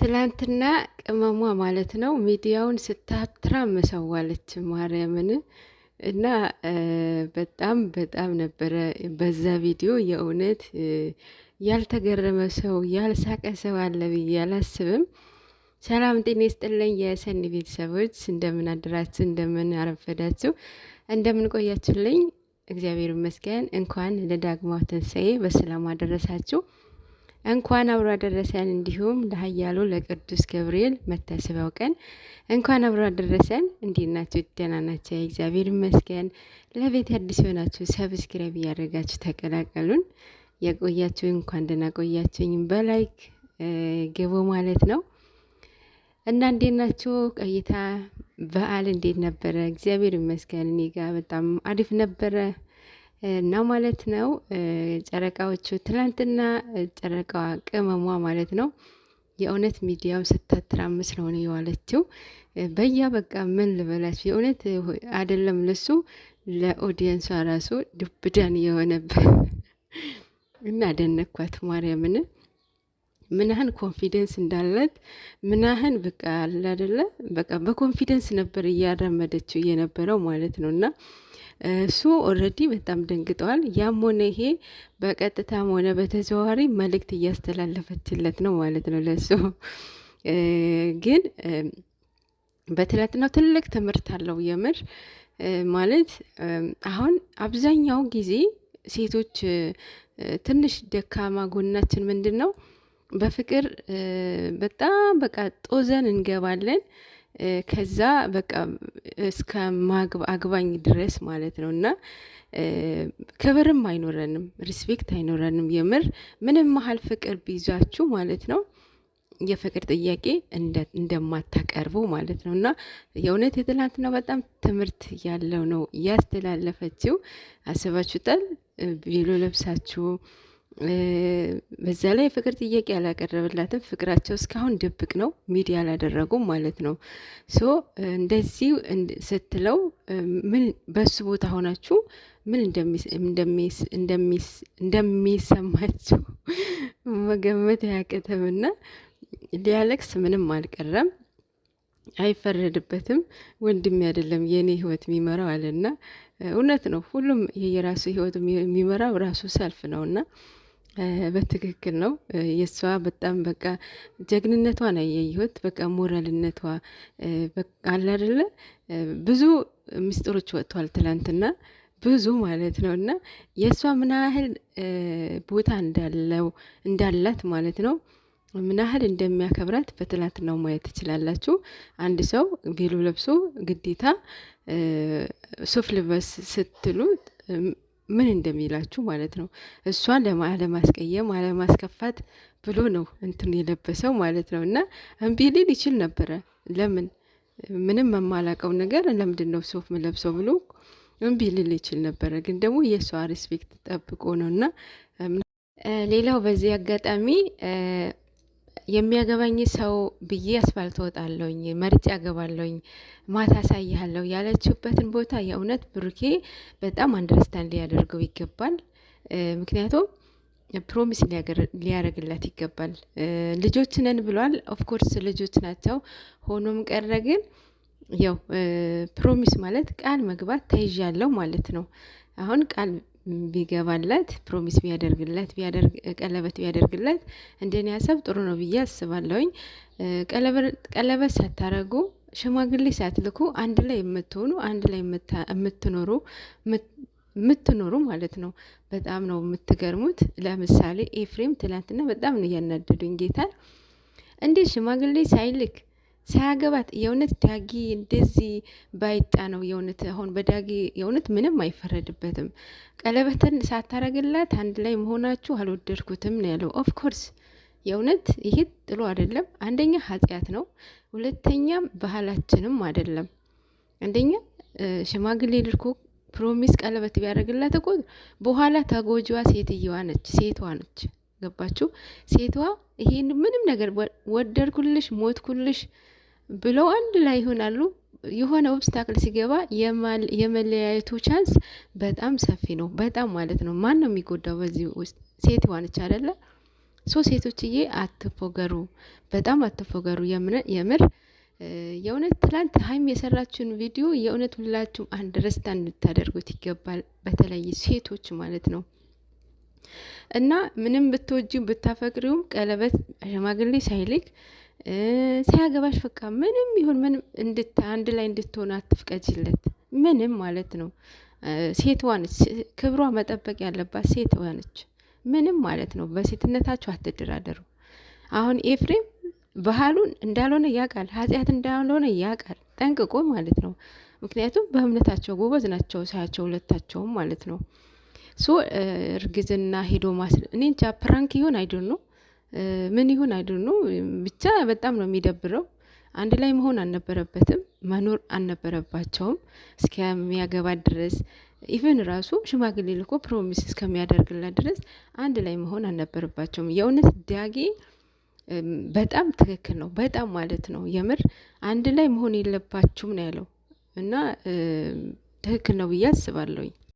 ትላንትና ቅመሟ ማለት ነው ሚዲያውን ስታትራ መሰዋለች ማርያምን እና በጣም በጣም ነበረ በዛ ቪዲዮ የእውነት ያልተገረመ ሰው ያልሳቀ ሰው አለ ብዬ አላስብም። ሰላም ጤና ይስጥልኝ የሰኒ ቤተሰቦች፣ እንደምን አድራችሁ፣ እንደምን አረፈዳችሁ፣ እንደምን ቆያችሁልኝ? እግዚአብሔር ይመስገን። እንኳን ለዳግማው ትንሣኤ በሰላም አደረሳችሁ። እንኳን አብሮ አደረሰን። እንዲሁም ለኃያሉ ለቅዱስ ገብርኤል መታሰቢያው ቀን እንኳን አብሮ አደረሰን። እንዴት ናችሁ? ደህና ናቸው። እግዚአብሔር ይመስገን። ለቤት አዲስ የሆናችሁ ሰብስክራይብ እያደረጋችሁ ተቀላቀሉን። የቆያችሁ እንኳን ደህና ቆያችሁኝ። በላይክ ግቡ ማለት ነው እና እንዴት ናችሁ? ቆይታ በዓል እንዴት ነበረ? እግዚአብሔር ይመስገን እኔ ጋር በጣም አሪፍ ነበረ። እና ማለት ነው ጨረቃዎቹ ትላንትና ጨረቃዋ ቅመሟ ማለት ነው የእውነት ሚዲያው ስታተራምስ ነው የዋለችው። በያ በቃ ምን ልበላችሁ የእውነት አይደለም ለሱ ለኦዲየንሷ ራሱ ዱብዳን የሆነበት እና አደነኳት ማርያምን። ምን ያህል ኮንፊደንስ እንዳላት ምን ያህል በቃ አለ አይደለ በቃ በኮንፊደንስ ነበር እያራመደችው የነበረው ማለት ነው። እና እሱ ኦልሬዲ በጣም ደንግጠዋል። ያም ሆነ ይሄ በቀጥታም ሆነ በተዘዋዋሪ መልእክት እያስተላለፈችለት ነው ማለት ነው ለሱ ግን በትላንትናው ትልቅ ትምህርት አለው የምር ማለት አሁን አብዛኛው ጊዜ ሴቶች ትንሽ ደካማ ጎናችን ምንድን ነው? በፍቅር በጣም በቃ ጦዘን እንገባለን። ከዛ በቃ እስከ አግባኝ ድረስ ማለት ነው እና ክብርም አይኖረንም፣ ሪስፔክት አይኖረንም። የምር ምንም መሀል ፍቅር ቢይዛችሁ ማለት ነው የፍቅር ጥያቄ እንደማታቀርቡ ማለት ነው እና የእውነት የትላንትናው በጣም ትምህርት ያለው ነው ያስተላለፈችው። አስባችሁታል? ቢሎ ለብሳችሁ በዛ ላይ ፍቅር ጥያቄ ያላቀረብላትም ፍቅራቸው እስካሁን ድብቅ ነው፣ ሚዲያ አላደረጉም ማለት ነው። ሶ እንደዚህ ስትለው ምን በሱ ቦታ ሆናችሁ ምን እንደሚሰማችሁ መገመት አያቅትምና ሊያለቅስ ምንም አልቀረም። አይፈረድበትም። ወንድም አይደለም የእኔ ህይወት የሚመራው አለና፣ እውነት ነው። ሁሉም የየራሱ ህይወት የሚመራው ራሱ ሰልፍ ነው እና። በትክክል ነው። የእሷ በጣም በቃ ጀግንነቷ ነው ያየሁት። በቃ ሞራልነቷ አለ አይደለ? ብዙ ምስጢሮች ወጥቷል ትላንትና ብዙ ማለት ነው። እና የእሷ ምን ያህል ቦታ እንዳለው እንዳላት ማለት ነው ምን ያህል እንደሚያከብራት በትላት ነው ማየት ትችላላችሁ። አንድ ሰው ቬሎ ለብሶ ግዴታ ሱፍ ልበስ ስትሉት ምን እንደሚላችሁ ማለት ነው። እሷን ለማለማስቀየም አለማስከፋት ብሎ ነው እንትን የለበሰው ማለት ነው። እና እምቢ ሊል ይችል ነበረ። ለምን ምንም መማላቀው ነገር ለምንድን ነው ሶፍ ምለብሰው ብሎ እምቢ ሊል ይችል ነበረ። ግን ደግሞ የእሷ ሪስፔክት ጠብቆ ነው እና ሌላው በዚህ አጋጣሚ የሚያገባኝ ሰው ብዬ አስፋልት ወጣለኝ መርጭ ያገባለኝ ማታ አሳይሃለሁ ያለችበትን ቦታ የእውነት ብሩኬ በጣም አንደርስታንድ ሊያደርገው ይገባል። ምክንያቱም ፕሮሚስ ሊያደርግላት ይገባል። ልጆች ነን ብሏል። ኦፍኮርስ ልጆች ናቸው። ሆኖም ቀረ ግን ያው ፕሮሚስ ማለት ቃል መግባት ተይዣለሁ ማለት ነው። አሁን ቃል ቢገባለት ፕሮሚስ ቢያደርግለት ቀለበት ቢያደርግለት እንደኔ ሀሳብ ጥሩ ነው ብዬ አስባለሁኝ። ቀለበት ሳታረጉ ሽማግሌ ሳትልኩ አንድ ላይ የምትሆኑ አንድ ላይ የምትኖሩ የምትኖሩ ማለት ነው። በጣም ነው የምትገርሙት። ለምሳሌ ኤፍሬም ትላንትና በጣም ነው እያናደዱኝ ጌታን እንዴት ሽማግሌ ሳይልክ ሳያገባት የእውነት ዳጊ እንደዚህ ባይጣ ነው የእውነት አሁን በዳጊ የእውነት ምንም አይፈረድበትም። ቀለበትን ሳታረግላት አንድ ላይ መሆናችሁ አልወደድኩትም ነው ያለው። ኦፍኮርስ የእውነት ይሄ ጥሎ አይደለም። አንደኛ ኃጢአት ነው፣ ሁለተኛም ባህላችንም አይደለም። አንደኛ ሽማግሌ ልኮ ፕሮሚስ ቀለበት ቢያደርግላት እኮ በኋላ ተጎጂዋ ሴትየዋ ነች፣ ሴቷ ነች። ገባችሁ? ሴቷ ይሄን ምንም ነገር ወደድኩልሽ፣ ሞትኩልሽ ብለው አንድ ላይ ይሆናሉ። የሆነ ኦብስታክል ሲገባ የመለያየቱ ቻንስ በጣም ሰፊ ነው። በጣም ማለት ነው። ማን ነው የሚጎዳው በዚህ ውስጥ? ሴት ይሆነች አደለ? ሶ ሴቶችዬ አትፎገሩ፣ በጣም አትፎገሩ። የምር የእውነት ትላንት ሀይም የሰራችውን ቪዲዮ የእውነት ሁላችሁም ረስታ እንድታደርጉት ይገባል። በተለይ ሴቶች ማለት ነው። እና ምንም ብትወጂው ብታፈቅሪውም ቀለበት ሽማግሌ ሳይልክ ሲያገባሽ በቃ ምንም ይሁን ምንም እንድታ አንድ ላይ እንድትሆን አትፍቀጅለት። ምንም ማለት ነው። ሴትዋ ነች፣ ክብሯ መጠበቅ ያለባት ሴትዋ ነች። ምንም ማለት ነው። በሴትነታችሁ አትደራደሩ። አሁን ኤፍሬም ባህሉን እንዳልሆነ ያውቃል፣ ኃጢአት እንዳልሆነ ያውቃል ጠንቅቆ ማለት ነው። ምክንያቱም በእምነታቸው ጎበዝ ናቸው ሳያቸው ሁለታቸውም ማለት ነው። ሶ እርግዝና ሄዶ ማስ እኔ እንጃ ፕራንክ ይሆን አይደል ነው ምን ይሁን አይድኑ ብቻ በጣም ነው የሚደብረው። አንድ ላይ መሆን አልነበረበትም፣ መኖር አልነበረባቸውም። እስከሚያገባ ድረስ ኢቨን ራሱ ሽማግሌ ልኮ ፕሮሚስ እስከሚያደርግላት ድረስ አንድ ላይ መሆን አልነበረባቸውም። የእውነት ዳጌ በጣም ትክክል ነው፣ በጣም ማለት ነው የምር አንድ ላይ መሆን የለባችሁም ነው ያለው እና ትክክል ነው ብዬ አስባለሁኝ።